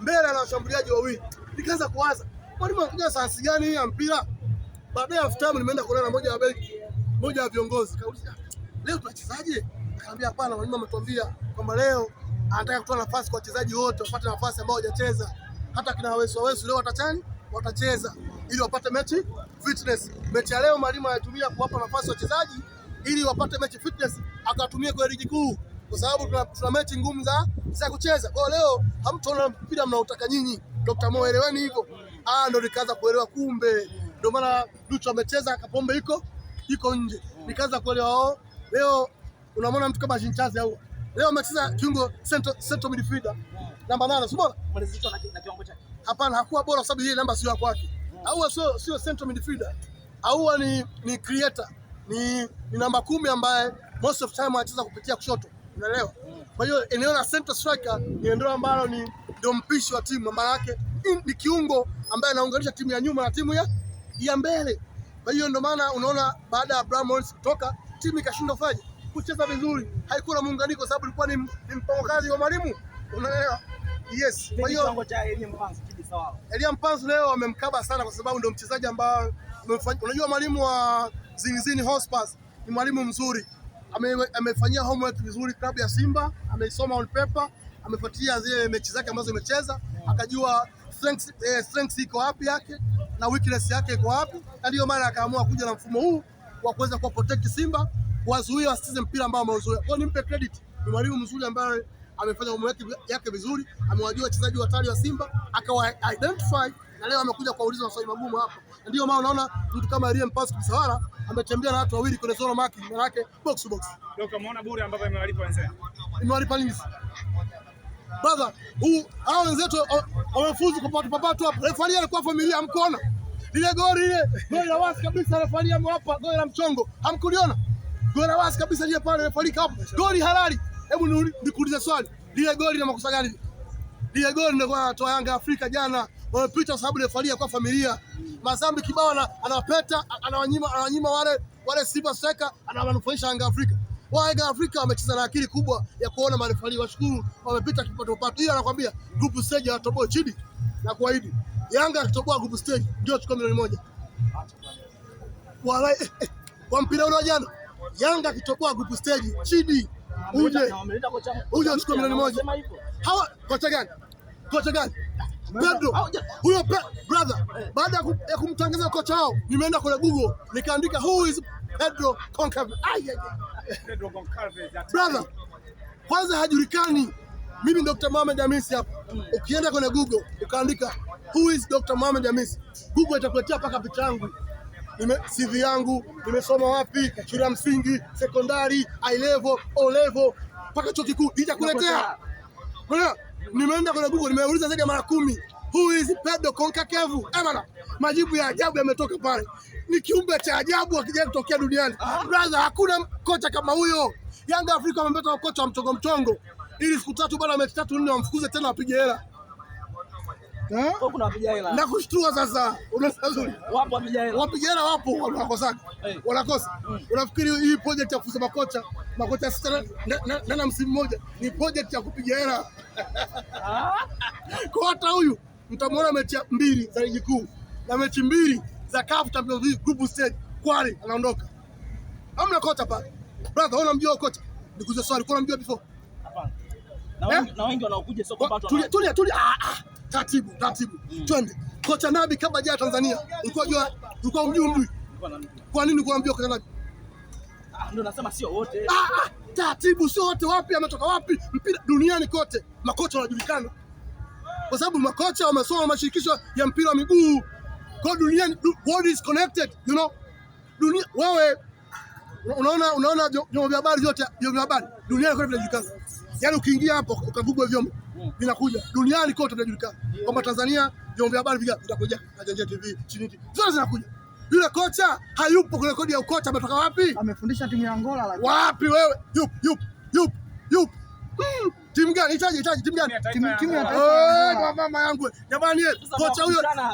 mbele na washambuliaji wawili. Nikaanza kuwaza, kwani mnakuja saansi gani hii ya mpira? Baada ya halftime nimeenda kuonana na moja wa beki, moja wa viongozi. Kauliza, "Leo tunachezaje?" Akaambia "Hapana, mwalimu ametuambia kwamba leo anataka kutoa nafasi kwa wachezaji wote wapate nafasi ambao hawajacheza. Hata kina Wesu Wesu leo watachani, watacheza ili wapate mechi fitness. Mechi ya leo mwalimu anatumia kuwapa nafasi wachezaji ili wapate mechi fitness akatumia kwa ligi kuu kwa sababu tuna tuna mechi ngumu za za kucheza. Kwa leo hamtaona mpira mnaotaka nyinyi, Dr. Mo, eleweni hivyo. Ah, ndo nikaanza kuelewa, kumbe ndio maana Duchu amecheza kapombe iko iko nje, nikaanza kuelewa. oh, Leo unamwona mtu kama Jinchazi au leo amecheza kiungo central central midfielder namba 8, sio bora Malizito na kiungo chake. Hapana, hakuwa bora sababu yeye namba sio kwake. au sio sio central midfielder au ni ni creator, ni ni namba kumi ambaye most of time anacheza kupitia kushoto unaelewa? Kwa hiyo eneo la center striker ni eneo ambalo ni ndio mpishi wa timu, maana yake ni kiungo ambaye anaunganisha timu ya nyuma na timu ya, ya mbele. Kwa hiyo ndio maana unaona baada ya Abramovich kutoka timu ikashindwa fanya kucheza vizuri, haikuwa na muunganiko sababu ilikuwa ni, ni mpango kazi wa mwalimu, unaelewa? Yes. Kwa hiyo Elia Mpanzu leo amemkaba sana kwa sababu ndio mchezaji ambaye unajua mwalimu wa zinizini Hotspurs ni mwalimu mzuri amefanyia homework vizuri klabu ya Simba, ameisoma on paper, amefuatilia zile mechi zake ambazo imecheza, akajua strength, eh, strength iko wapi yake na weakness yake iko wapi, na ndio maana akaamua kuja na mfumo huu wa kuweza kuwa protect Simba, kuwazuia wasicheze mpira ambao ameuzoea. Kwa hiyo nimpe credit, ni mwalimu mzuri ambaye amefanya homework yake vizuri, amewajua wachezaji hatari wa Simba, akawa identify na leo amekuja kuulizwa maswali magumu hapa, na ndio maana unaona mtu kama Riem Pass Kisahara ametembea na watu wawili kwenye zona maki, maana yake box to box. Ndio kamaona bure ambapo imewalipa wenzao, imewalipa nini? Brother, huu hao wenzetu wamefuzu kupata papato hapa. Refari alikuwa familia mkoona lile goli ile goli la wasi kabisa, refari amewapa goli la mchongo, hamkuliona goli la wasi kabisa lile pale, refari hapo goli halali. Hebu nikuulize swali, lile goli lina makosa gani? Lile goli ndio kwa toa Yanga Afrika jana wamepita sababu refaria kwa familia mazambi kibao anapeta anawanyima anawanyima wale wale Simba Strikers anawanufaisha Yanga Afrika. Wao Yanga Afrika wamecheza na akili kubwa ya kuona marefali, washukuru wamepita kipato pato. Ila anakuambia group stage hatoboa chini na kuahidi. Yanga akitoboa group stage ndio chukua milioni moja. Wala kwa mpira ule wa jana Yanga akitoboa group stage chini uje uje chukua milioni moja. Hawa kocha gani? Kocha gani? Pedro huyo pe, brother, baada ya kumtangaza kocha wao, nimeenda kule Google nikaandika who is Pedro Goncalves. Brother, kwanza hajulikani. Mimi Dr. Mohamed Hamisi hapa. Ukienda kwenye Google ukaandika who is Dr. Mohamed Hamisi, Google itakuletea paka picha yangu nime CV yangu, nimesoma wapi, shule ya msingi, sekondari, high level, O level, mpaka chuo kikuu itakuletea. Nimeenda kwenye Google nimeuliza zaidi ya mara kumi, who is Pedro Concacaf? Eh bana, majibu ya ajabu yametoka pale. Ni kiumbe cha ajabu akija kutokea duniani. Brother, hakuna kocha kama huyo. Yanga Afrika wamepata kocha wa mchongo mchongo, ili siku tatu bana, mechi tatu nne wamfukuze tena, wapige hela. Eh? Nakushtua sasa, wapiga hela wapo, eh. wanakosa wanakosa. Mm. Unafikiri hii project ya kufuza makocha makocha sita na msimu mmoja ni project ya kupiga hela? Ah. Kwa hata huyu mtamwona mechi mbili za ligi kuu na mechi mbili za CAF Champions League group stage, kwani anaondoka. Hamna kocha pale. Brother, wewe unamjua kocha? Nikuze swali, kwa unamjua before? Hapana. Na eh? wengi wanaokuja sio kwa watu. Tulia, tulia, tulia. Ah ah taratibu taratibu, mm. twende. Kocha Nabi kabla ya Tanzania ulikuwa jua, ulikuwa mjui mjui, Kwa nini kuambia kocha Nabi? Ah, ndio nasema sio wote. Ah, ah, taratibu sio wote. Wapi ametoka wapi? Mpira duniani kote makocha wanajulikana kwa sababu makocha wamesoma mashirikisho ya mpira wa miguu kwa duniani, world is connected you know. Dunia wewe unaona, unaona vyombo vya habari vyote, vyombo vya habari duniani kote vinajulikana, yaani ukiingia hapo ukagugua vyombo vinakuja duniani kote, vinajulikana kwamba Tanzania vyombo vya habari vinakuja vitakuja, Janja TV, chini zote zinakuja. Yule kocha hayupo kwenye rekodi ya ukocha, ametoka wapi? Amefundisha timu ya Angola lakini wapi wewe? Yup, yup, yup, yup. Hmm. Timu gani? Itaje, itaje timu gani? Timu ya taifa. Mama yangu. Jamani, kocha huyo